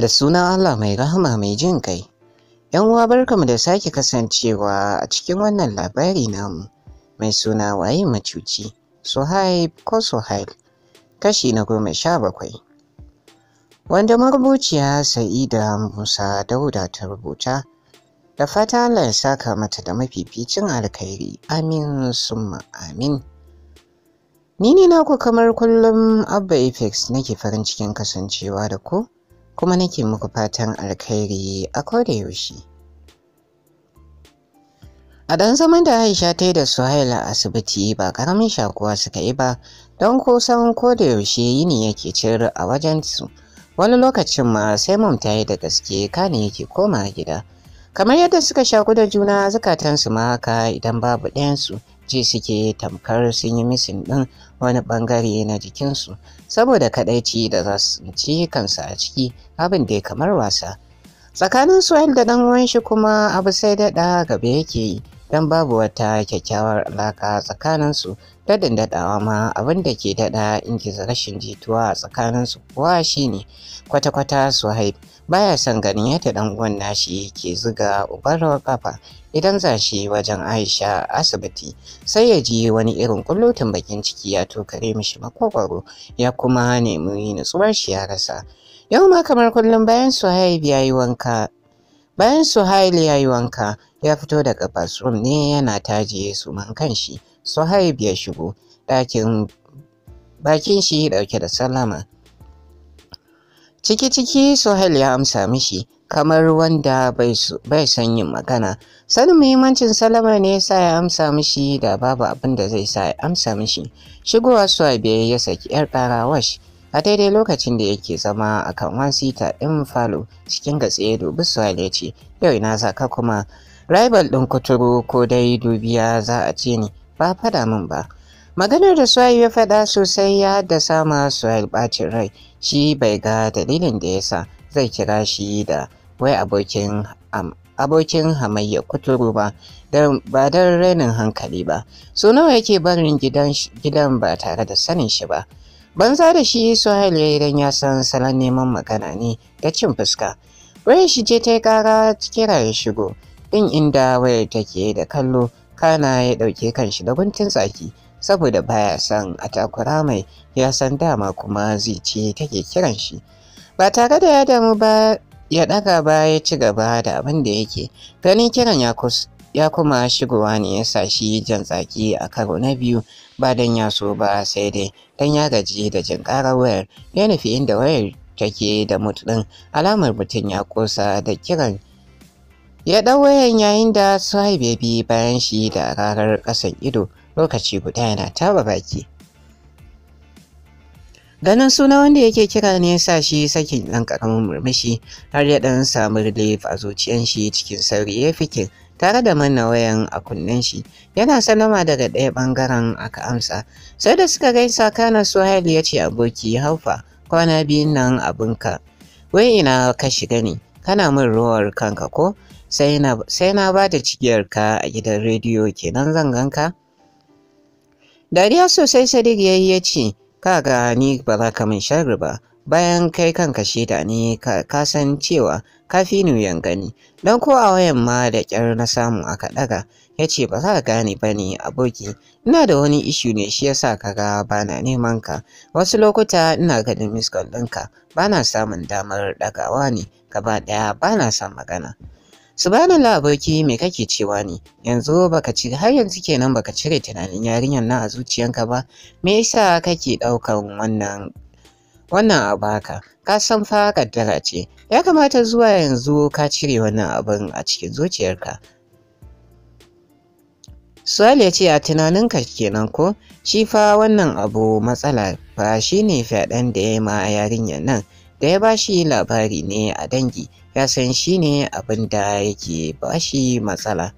da suna Allah mai rahama mai jin kai. ‘Yan uwa barkamu da sake kasancewa a cikin wannan labari namu mai suna waye macuci, Suhaib ko Suhaib, kashi na goma sha bakwai. Wanda marubuciya Sa'ida Musa Dauda ta rubuta, da fata Allah ya saka mata da mafificin alkhairi, amin summa amin. Ni ne naku kamar kullum Abba Apex nake farin cikin kasancewa da ku. kuma nake muku fatan alkhairi a koda yaushe. A ɗan zaman da Aisha ta yi da Suhaila a asibiti ba ƙaramin shakuwa suka yi ba don kusan ko da yaushe yini yake cire a su, Wani lokacin ma sai mum ta yi da gaske kane yake koma gida. Kamar yadda suka shaku da juna zukatansu ma haka idan babu ɗayansu ji suke tamkar sun yi misin ɗin wani bangare na jikinsu saboda kadaici da za su ci kansa a ciki abin da kamar wasa tsakanin su da dan ruwan shi kuma abu sai daɗa gaba yake yi don babu wata kyakkyawar alaka tsakaninsu daɗin daɗawa ma abin da ke daɗa ingiza rashin jituwa a tsakaninsu kuwa shine kwata-kwata su suhaib baya son ganin yadda dan uwan nashi ke zuga ubarwar kafa idan za shi wajen Aisha asibiti sai ya ji wani irin kullutun bakin ciki ya tokare mishi makwakwaro, ya kuma nemi nutsuwar shi ya rasa yau ma kamar kullum bayan su ya bayan Suhail ya yi wanka ya fito daga bathroom ne yana taje suman kanshi Suhaib ya shigo ɗakin bakin shi ɗauke da sallama ciki-ciki Suhail ya amsa mishi kamar wanda bai san yin magana sanin muhimmancin salama ne sa ya amsa mishi da babu abin da zai sa ya amsa mishi shigowa Suhaib ya saki 'yar ƙara wash a daidai lokacin da yake zama a kan wansita ɗin falo cikin gatse dubu su ya ce yau ina zaka kuma rival ɗin kuturu ko dai dubiya za a ce ne ba fada min ba maganar da suwayi ya faɗa sosai ya da sama suwayi ɓacin rai shi bai ga dalilin da yasa zai kira shi da wai abokin abokin hamayya kuturu ba don ba don rainin hankali ba so nawa yake barin gidan ba tare da sanin shi ba banza da shi suhail ya idan ya san salon neman magana ne da cin fuska wai shi je ta yi kara kira ya shigo ɗin inda wayar take da kallo kana ya ɗauke kanshi da guntun tsaki saboda baya san a takura mai ya san dama kuma zai ce take kiran shi ba tare da ya damu ba ya ɗaga ba ya ci gaba da abin da yake ganin kiran ya ya kuma shigowa ne ya sa shi jan tsaki a karo na biyu ba don ya so ba sai dai don ya gaji da jin ƙarar wayar ya nufi inda wayar take da mutu alamar mutum ya kosa da kiran ya ɗau wayan yayin da suhaib ya bi bayan shi da rarar ƙasan ido lokaci guda yana taba baki ganin suna wanda yake kira ne sa shi sakin ɗan ƙaramin murmushi har ya ɗan samu relief a zuciyan shi cikin sauri ya fikin tare da manna wayan a kunnen shi yana salama daga ɗaya ɓangaren aka amsa sai da suka gaisa kana suhail ya ce aboki haufa kwana biyun nan abinka wai ina ka shiga ne kana min ruwar kanka ko sai na ba da cigiyar ka a gidan rediyo kenan zan ganka dariya sosai sadiq yayi ya ce kaga ni ba za ka min sharri ba bayan kai kanka shaida ne ka san cewa ka fi nuyan gani don ko a wayan ma da kyar na samu aka kaɗaga ya ce ba za ka gane ba ne aboki ina da wani ishu ne shi yasa ka ga ba na neman ka wasu lokuta ina ganin miskon ɗinka ba na samun damar dagawa ne gaba ɗaya ba na son magana subhanallah aboki me kake cewa ne yanzu baka ci har yanzu kenan baka cire tunanin yarinyar nan a zuciyanka ba me yasa kake daukan wannan wannan abu ka san fa kaddara ce ya kamata zuwa yanzu ka cire wannan abin a cikin zuciyarka Suwali ya ce a tunaninka kenan ko shi fa wannan abu matsala ba shi ne fyaɗen da ya ma yarinyar nan da ya ba shi labari ne a dangi ya san shi ne abin da yake ba shi matsala.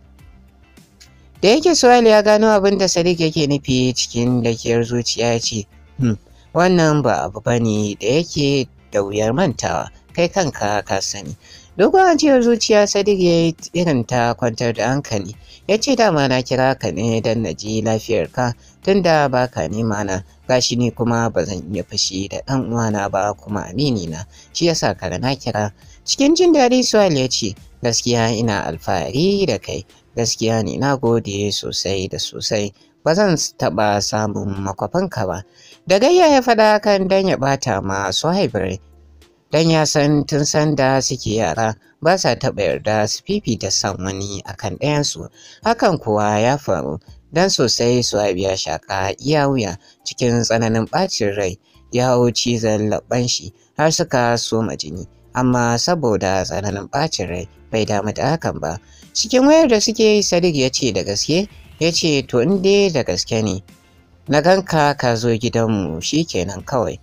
Da yake Suhail ya gano abin da Sadiq yake nufi cikin dakiyar zuciya ya ce, hmm, wannan ba abu ba ne da yake da wuyar mantawa, kai kanka ka sani. Dogon ajiyar zuciya Sadiq ya yi irin ta kwantar da hankali, ya ce dama na kira ka ne don na ji lafiyar ka. tun da ba ka nema na gashi ne kuma ba zan iya fashi da ɗan uwana ba kuma amini na, shi yasa kara na kira. Cikin jin daɗi Suhail ya ce, gaskiya ina alfahari da kai, gaskiya ne na gode sosai da sosai, ba zan taɓa samun makwafanka ba. Da gayya ya faɗa kan dan ya bata ma su rai, dan ya san tun sanda suke yara ba sa taɓa yarda su fifita san wani akan ɗayansu hakan kuwa ya faru dan sosai su ya shaka iya wuya cikin tsananin ɓacin rai ya hau cizon labban shi har suka soma jini amma saboda tsananin ɓacin rai bai damu da hakan ba cikin wayar da suke sadiq ya ce da gaske ya ce to in dai da gaske ne na ganka ka zo gidanmu shi shikenan kawai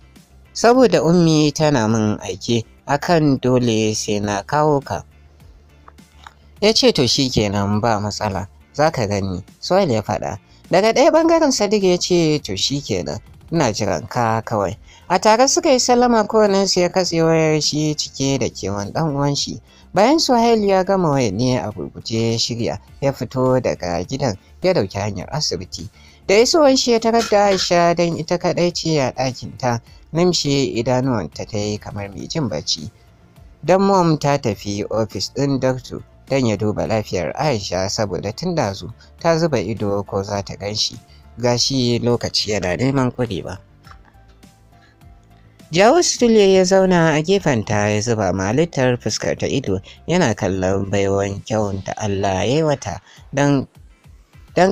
saboda ummi tana min aike akan dole sai na kawo ka ya ce to shi kenan ba matsala za ka gani soil ya faɗa daga ɗaya ɓangaren sadiq ya ce to shi kenan ina jiran ka kawai a tare suka yi sallama su ya katse wayar shi cike da kewan dan uwan shi bayan suhail ya gama ne a gurguje shirya ya fito daga gidan ya dauki hanyar asibiti da sowan shi ya tarar da aisha don ita kaɗai ce a ɗakin ta nimshe idanuwanta ta yi kamar mai jin bacci don mom ta tafi ofis ɗin doctor don ya duba lafiyar aisha saboda tun dazu ta zuba ido ko za ta gan shi gashi lokaci yana neman kurewa. ba Jawo Sule ya zauna a gefenta ya zuba malittar fuskar ta ido yana kallon baiwan kyawun da Allah ya yi wata don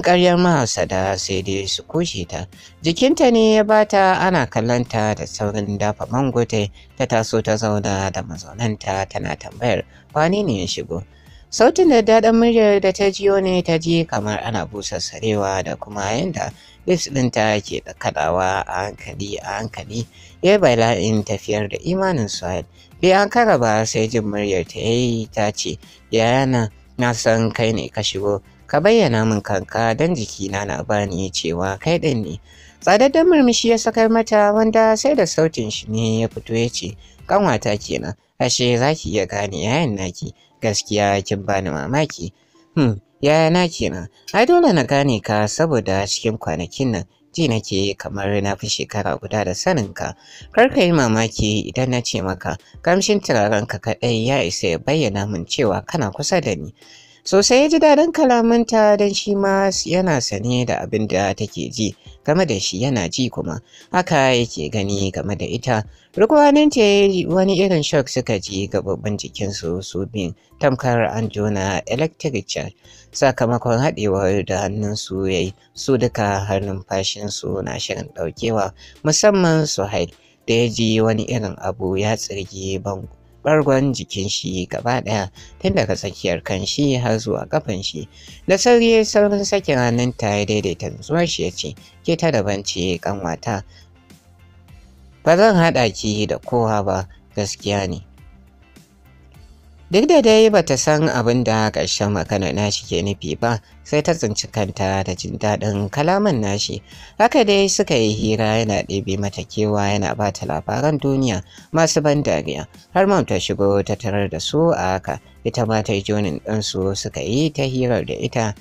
karyar ƙaryar da sai dai su kushe ta jikinta ne ya bata ana kallonta da saurin dafa mangote ta taso ta zauna da mazaunanta tana tambayar wani ne ya shigo sautin da daɗin muryar da ta jiyo ne ta ji kamar ana busa sarewa da kuma yanda din ta ke da kaɗawa a hankali a hankali ya bala'in tafiyar da imanin Suhail. Bai an kara ba sai jin muryar ta yi ta ce, yana na san kai ne ka shigo, ka bayyana min kanka don jikina na bani cewa kai ɗin ne. Tsadaddan murmushi ya sakar mata wanda sai da sautin shi ne ya fito ya ce, kanwata kenan, ashe za ki iya gane yayan naki, gaskiya kin bani mamaki. Hmm, yayana kenan ai dole na gane ka saboda cikin kwanakin nan ji nake kamar na fi shekara guda da saninka kar ka yi mamaki idan na ce maka kamshin ka kaɗai ya isa ya bayyana min cewa kana kusa da ni sosai ya ji daɗin kalamanta don shi ma yana sane da abin da take ji game da shi yana ji kuma haka yake gani game da ita rukwanin ce wani irin shock suka ji gababban jikinsu su bin tamkar an jona electric charge sakamakon haɗewar da hannunsu ya yi su duka har numfashinsu na shirin ɗaukewa musamman su da ya ji wani irin abu ya tsirge bango bargon jikin shi gaba ɗaya tun daga tsakiyar kan shi har zuwa kafan shi da sauri ya saurin sakin hannun ta ya daidaita nutsuwar shi ya ce ke ta daban ce kanwata ba zan haɗa ki da kowa ba gaskiya ne Duk da dai ba ta san abin da ƙarshen magana nashi ke nufi ba, sai ta tsinci kanta da jin daɗin kalaman nashi. Haka dai suka yi hira yana ɗebe mata kewa yana ba ta labaran duniya masu ban dariya. Har mam ta shigo ta tarar da su a haka, ita ma ta jonin ɗansu suka yi ta hirar da ita.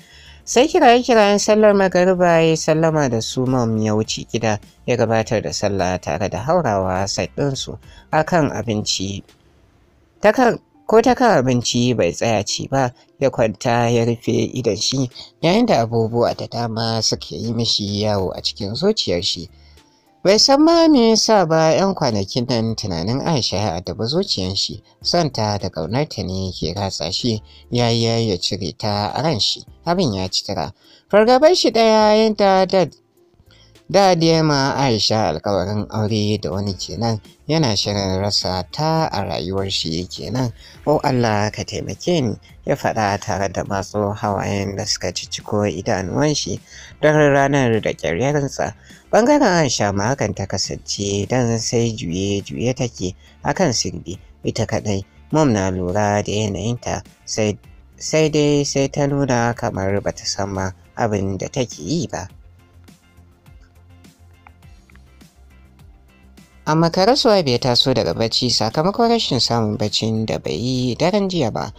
Sai kiraye-kirayen sallar magariba ya sallama da su mam ya wuce gida ya gabatar da sallah tare da haurawa sai ɗinsu akan abinci. ko ta kan abinci bai tsaya ci ba ya kwanta ya rufe idan shi yayin da abubuwa ta dama suke yi mishi yawo a cikin zuciyar shi bai san ma me yasa ba yan kwanakin nan tunanin Aisha ya daba zuciyar shi santa da ƙaunarta ne ke ratsa shi yayi ya cire ta a ran shi abin ya ci tara fargabar shi ɗaya yadda Da ma Aisha alkawarin aure da wani kenan yana shirin rasa ta a rayuwar shi kenan. O Allah ka taimake ni ya faɗa tare da masu hawayen da suka ciko idanuwan shi don ranar da ƙyaryarinsa. Bangaren Aisha ma hakan ta kasance don sai juye-juye take akan sirbi, ita kadai, Mom na lura da yanayinta sai dai sai ta nuna kamar bata san ma abin da take yi ba. amma karasuwa bai taso daga bacci sakamakon rashin samun baccin da bai yi daren jiya ba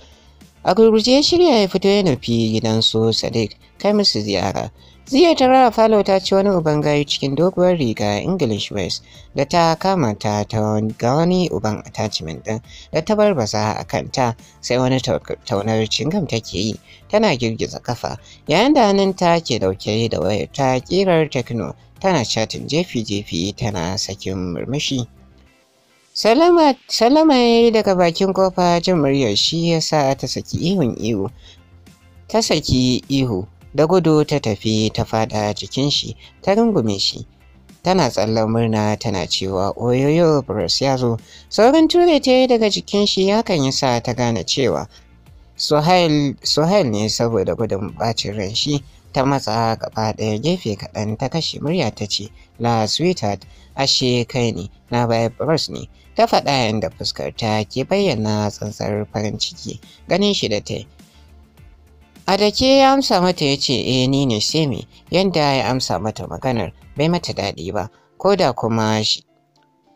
a gurguje shirya ya fito ya nufi gidan su sadiq kai musu ziyara Ziyartar ta rara falo ta ci wani uban gayu cikin doguwar riga English West da ta kama ta ga wani uban attachment ɗin da ta bar basa a kanta sai wani taunar cingam take yi tana girgiza kafa yayin da hannun ta ke dauke da wayar ta kirar techno tana chatting jefi-jefi tana sakin murmushi. Salama daga bakin kofa jin muryar shi ya sa ta saki ihun ihu. Ta saki ihu. da gudu ta tafi ta fada jikin shi ta rungume shi tana tsallon murna tana cewa oyoyo bros ya zo saurin ture ta yi daga jikin shi ya kan yi sa ta gane cewa sohail ne saboda gudun bacin ran shi ta matsa gaba ɗaya gefe kaɗan ta kashe murya ta ce la sweetheart ashe kai ne na baya bros ne ta faɗa yadda fuskar ta ke bayyana tsantsar farin ciki ganin shi da ta yi A da ya amsa mata ya ce 'E, ni ne Semi yadda ya amsa mata maganar bai mata daɗi ba ko da kuma shi.'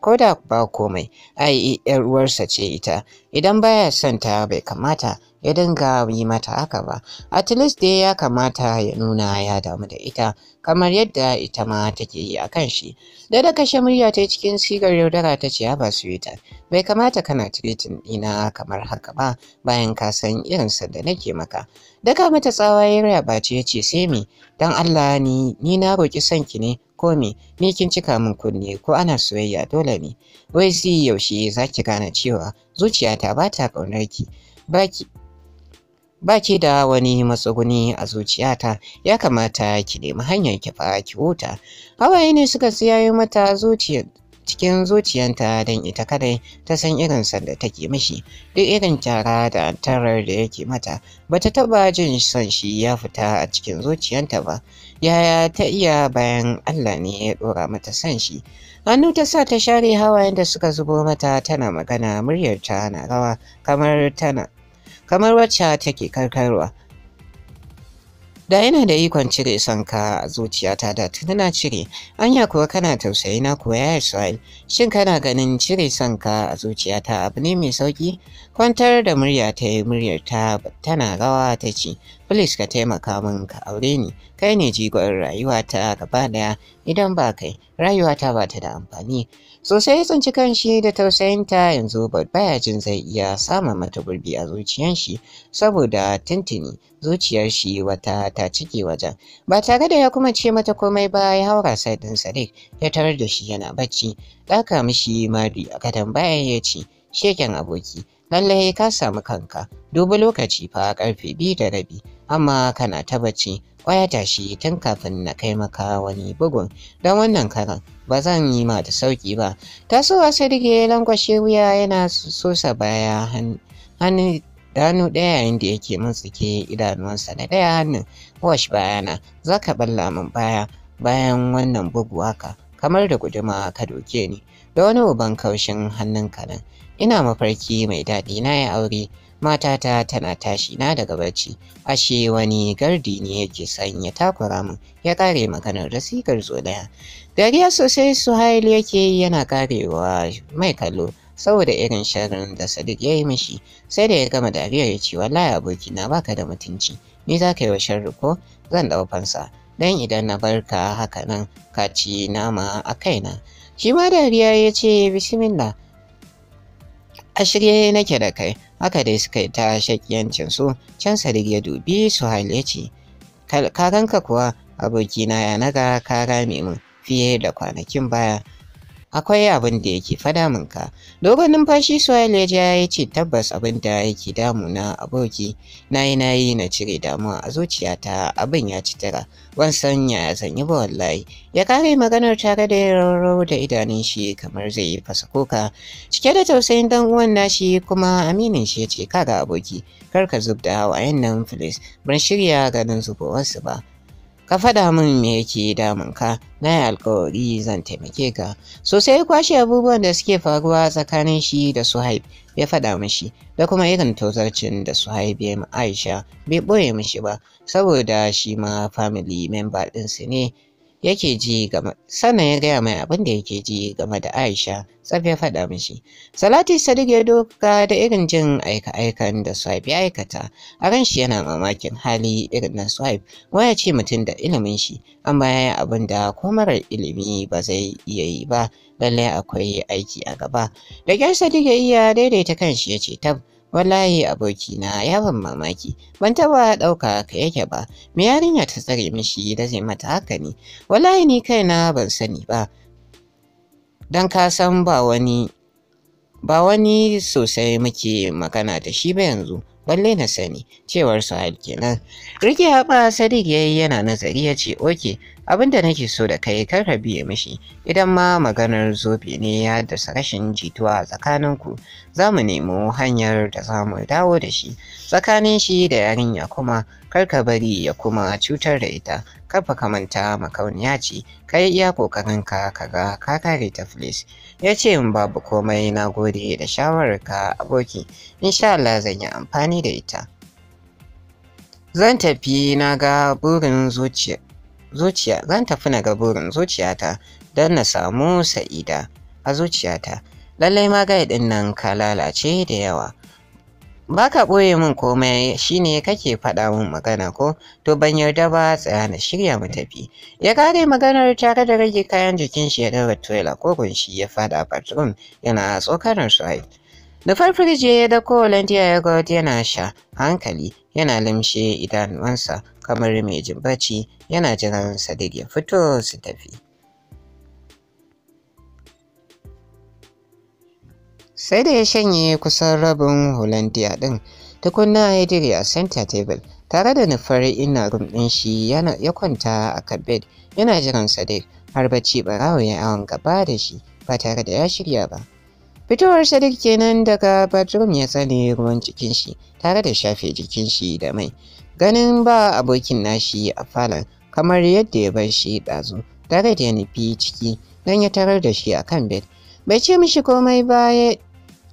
ko da ba komai ai yar uwarsa ce ita idan baya son ta bai kamata ya dinga yi mata haka ba at least dai ya kamata ya nuna ya damu da ita kamar yadda ita ma take yi a kan shi da da kashe murya ta cikin sigar yaudara ta ce ba su yi ta bai kamata kana tweetin ɗina kamar haka ba bayan ka san irin sa da nake maka daga mata tsawa ya raba ce ya ce sai me dan Allah ni ni na roki son ne ko me ni kin cika min kunne ko ana soyayya dole ne wai si yaushe za ki gane cewa zuciyata ba ta ƙaunar ki baki baki da wani matsuguni a zuciyata ya kamata ki nemi hanyar ki fa ki huta hawaye ne suka siyayo mata zuciyar cikin zuciyanta don ita kadai ta san irin sanda take mishi duk irin kyara da tarar da yake mata bata taba jin son shi ya fita a cikin zuciyanta ba Yaya ta iya bayan Allah ne ya ɗora mata san shi. Hannu ta sa ta share hawayen da suka zubo mata tana magana muryarta na rawa kamar tana kamar wacce take karkarwa. da yana da ikon cire son ka a zuciyata da tunana cire anya kuwa kana tausayi na kuwa ya shin kana ganin cire son ka a zuciyata abu ne mai sauki kwantar da murya ta yi muryar ta tana rawa ta ce please ka taimaka min ka aure ni kai ne jigon rayuwata gaba daya idan ba kai rayuwata ba ta da amfani Sosai ya tsinci kanshi da tausayinta yanzu baya jin zai iya sama mata gurbi a zuciyar shi saboda tintini zuciyar shi wata ta cike wajen. Ba tare da ya kuma ce mata komai ba ya haura sadin Sadiq ya tarar da shi yana bacci. Ɗaka mishi mari a gadon bayan ya ce, Sheken aboki, lallai ka samu kanka, dubu lokaci fa karfe biyu da rabi, amma kana ta bacci, tashi tashi tun kafin na kai maka wani bugun, don wannan karan ba zan yi ma da sauki ba tasowa a ya lankwashe wuya yana sosa baya hannu hannu ɗaya yayin da yake mantsike idanuwansa na ɗaya hannun wash bayana za ka balla min baya bayan wannan bugu haka kamar da guduma ka doke ni da wani uban kaushin hannun kanan Ina mafarki mai daɗi na yi aure, matata tana tashi na daga barci, ashe wani gardi ne yake ya takura min ya ƙare maganar da sigar zo ɗaya. Dariya sosai su Suhail yake yana ƙarewa mai kallo saboda irin sharrin da Sadiq ya yi mishi sai da ya gama dariya ya ce wallahi aboki na baka da mutunci ni za ka yi wa sharri ko zan ɗau fansa dan idan na bar ka haka nan ka ci nama a kaina. Shi ma dariya ya ce bismillah a shirye nake da kai haka dai suka yi ta shakiyancin su can sadiq ya dubi su ya karanka kuwa abokina ya naga ka rame mu fiye da kwanakin baya akwai abin da yake fada min ka dogon numfashi soyayya ya ya ce tabbas abin da yake damu na aboki nayi nayi na cire damuwa a zuciyata abin ya ci tara ban san ya zan yi ba wallahi ya kare maganar tare da rarrau da idanun shi kamar zai yi fasa kuka cike da tausayin dan uwan nashi kuma aminin shi ya ce kaga aboki kar ka zub da hawayen nan ban shirya ganin zubowarsu ba ka faɗa min me yake damun ka na yi alkawari zan taimake ka sosai ya kwashe abubuwan da suke faruwa tsakanin shi da suhaib ya faɗa mishi da kuma irin tozarcin da suhaib ya aisha bai ɓoye mishi ba saboda shi ma family member ɗinsu ne yake ji game sannan ya gaya mai abin da yake ji game da Aisha tsaf ya faɗa mishi. Salati Sadiq ya doka da irin jin aika-aikan da Swipe ya aikata, a ran shi yana mamakin hali irin na Swipe, waya ce mutum da ilimin shi, amma ya yi abin da ko marar ilimi ba zai iya yi ba, lallai akwai aiki a gaba. Da kyar Sadiq ya iya daidaita kanshi ya ce tab, Wallahi abokina ya ban mamaki, ban taba ɗauka ka yake ba, me yarinya ta tsare mishi da zai mata haka ne, wallahi ni kaina ban sani ba, don ka san ba wani ba wani sosai muke magana da shi ba yanzu balle na sani cewar sahal kenan rike haɓa sadiq yayi yana nazari ya ce oke abin da nake so da kai kar ka biye mishi idan ma maganar zobe ne ya dasa rashin jituwa a tsakaninku za mu nemo hanyar da za mu dawo da shi tsakanin shi da yarinya kuma kar ka bari ya kuma cutar da ita kar fa ka manta makauniya ce kai iya kokarin ka ka ga ka kare ta filis ya ce in babu komai na gode da shawarar ka aboki insha Allah zan yi amfani da ita zan tafi na ga burin zuciya zuciya zan tafi na ga burin zuciyata don na samu sa'ida a zuciyata lallai magayi din nan ka lalace da yawa Ba ka ɓoye min komai shine kake faɗa min magana ko to ban yarda ba tsaya na shirya mu tafi ya kare maganar tare da rage kayan jikin shi ya dawo trailer ko kunshi ya faɗa patron yana tsokanar su da farfirje ya dauko walantiya ya ga yana sha hankali yana limshe idanuwansa kamar mai jin bacci yana jiran Sadiq ya fito su tafi. Sai da ya shanye kusan rabin Hollandia ɗin tukunna ya dire a center table tare da nufar ina rum ɗin shi ya kwanta a kan yana jiran Sadiq har bacci barawo ya awon gaba da shi ba tare da ya shirya ba. Fitowar Sadiq kenan daga bathroom ya tsane ruwan cikin shi tare da shafe jikin shi da mai. Ganin ba abokin nashi a falon kamar yadda ya bar shi ɗazu tare da ya nufi ciki don ya tarar da shi a kan bed. Bai ce mishi komai ba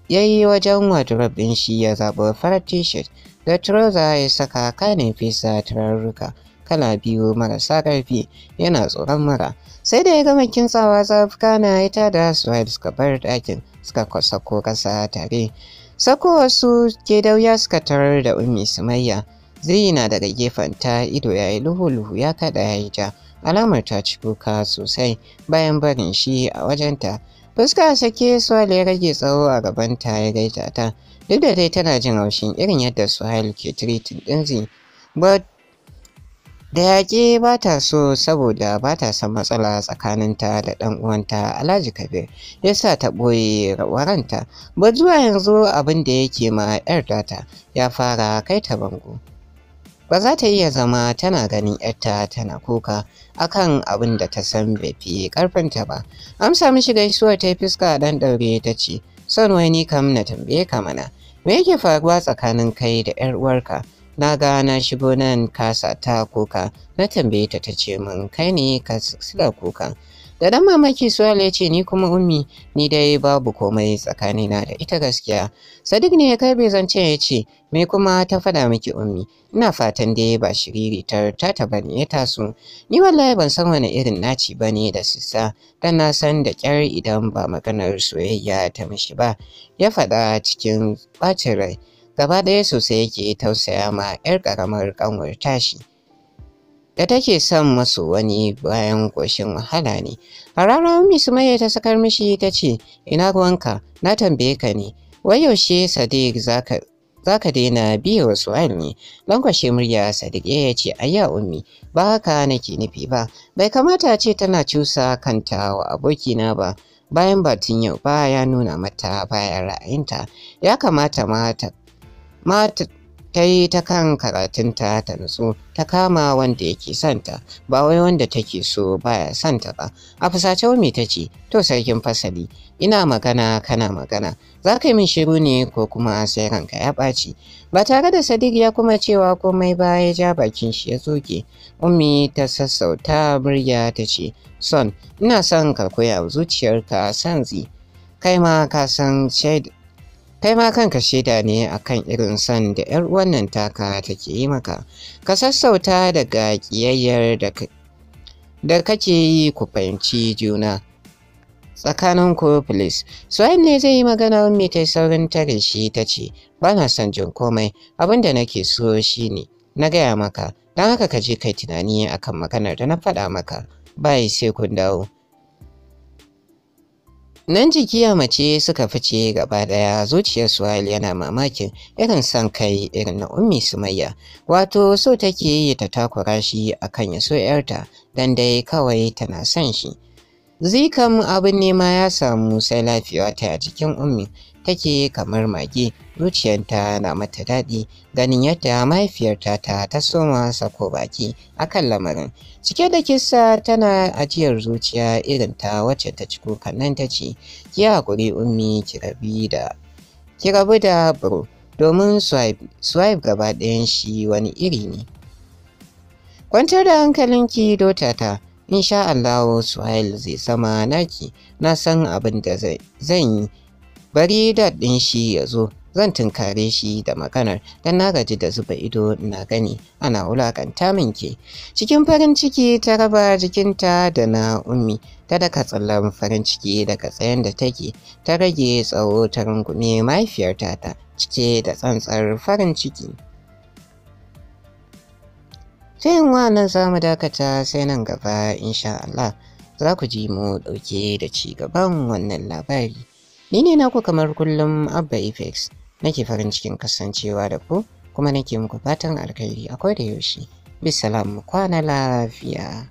ya yi wajen wardrobe ɗin shi ya zaɓi farar t-shirt da trouser ya saka kanin fesa turarruka kala biyu marasa ƙarfi yana tsoron mura. Sai da ya gama kintsawa zafi kana ita da Suhail suka bar ɗakin. suka sako kasa tare. Sakowarsu ke dauya suka tarar da Ummi Sumayya. Zai na daga gefen ta ido ya yi luhu-luhu ya kaɗa ya yi ja. Alamar ta ci kuka sosai bayan barin shi a wajenta. Fuska sake Suhail ya rage tsawo a gaban ta ya gaita ta. Duk da dai tana jin haushin irin yadda Suhail ke tiritin ɗinzi. But da yaƙi ba ta so saboda ba ta son matsala tsakaninta da ɗan uwanta alhaji kabir ya sa ta ɓoye waranta ba zuwa yanzu abin da yake ma 'yar data ya fara kai ta bango ba za ta iya zama tana ganin yarta tana kuka akan abin da ta san bai fi karfinta ba amsa mishi gaisuwar ta fuska a ɗan ɗaure ta ce son wani kam na tambaye ka mana me yake faruwa tsakanin kai da yar uwarka na ga na shigo nan kasa ta kuka na tambaye ta ta ce min kai ne ka sila kuka da dan mamaki suwal ya ce ni kuma ummi ni dai babu komai tsakanina da ita gaskiya sadiq ne ya kai karbe zance ya ce me kuma ta fada miki ummi ina fatan dai ba shiriri ta tata bane ya taso ni wallahi ban san wani irin naci bane da sissa dan na san da kyar idan ba maganar soyayya ta mishi ba ya faɗa cikin bacin rai gaba ɗaya sosai yake tausaya ma 'yar ƙaramar ƙanwar tashi da take son masu wani bayan ƙoshin wahala ne hararar misumaye ta sakar mishi ta ce ina ruwanka na tambaye ka ne wai yaushe sadiq zaka za ka daina biya wasu su'al ne lankwashe murya sadiq ya ce ayya ummi ba haka nake nufi ba bai kamata ce tana cusa kanta wa abokina ba bayan batun yau ba ya nuna mata baya ra'ayinta ya kamata ma ta Mata ta yi ta kan karatunta ta nutsu ta kama wanda yake santa ba wai wanda take so baya santa ba a fusace wumi ta ce to sarkin fasali ina magana kana magana za ka yi min shiru ne ko kuma sai ranka ya ɓaci ba tare da sadiq ya kuma cewa komai ba ya ja bakin shi ya tsoke ummi ta sassauta murya ta ce son ina son ka koya zuciyarka sanzi kai ma ka san shaidu kai ma kanka shaida ne akan irin san da yar wannan taka take yi maka ka sassauta daga ƙiyayyar da kake yi ku fahimci juna tsakanin ku please suhail ne zai yi magana mai ta saurin tare shi ta ce ba na son jin komai abin da nake so shi ne, na gaya maka don haka ka je kai tunani akan maganar da na faɗa maka bayi sai kun dawo Nan jikiya mace suka fice gaba ɗaya zuciyar Suhail yana mamakin irin san kai irin na ummi mayya, Wato so take yi ta takura shi akan ya so ‘yarta don dai kawai tana son shi. Zikam abin nema ya samu sai lafiya ta a jikin ummi. take kamar mage zuciyarta na mata daɗi ganin yadda mahaifiyarta ta ta soma sako baki akan lamarin cike da kisa tana ajiyar zuciya irin ta wacce ta ci kukan nan ta ce ki haƙuri ummi ki rabi da ki rabu da bro domin swipe gaba ɗayan shi wani iri ne kwantar da hankalinki dota ta insha Allah Suhail zai sama naki na san abin da zan yi bari dad ɗin shi ya zo zan tunkare shi da maganar don na gaji da zuba ido na gani ana wulakanta min ke cikin farin ciki ta raba jikinta da na ummi ta daka tsallan farin ciki daga tsayen da take ta rage tsawo ta rungume mahaifiyarta ta cike da tsantsar farin ciki wa nan za mu dakata sai nan gaba insha Allah za ku ji mu ɗauke da ci gaban wannan labari Ni ne naku kamar kullum Abba Apex. Nake farin cikin kasancewa da ku kuma nake muku fatan alkhairi akwai da yaushe. Bisalam kwana lafiya.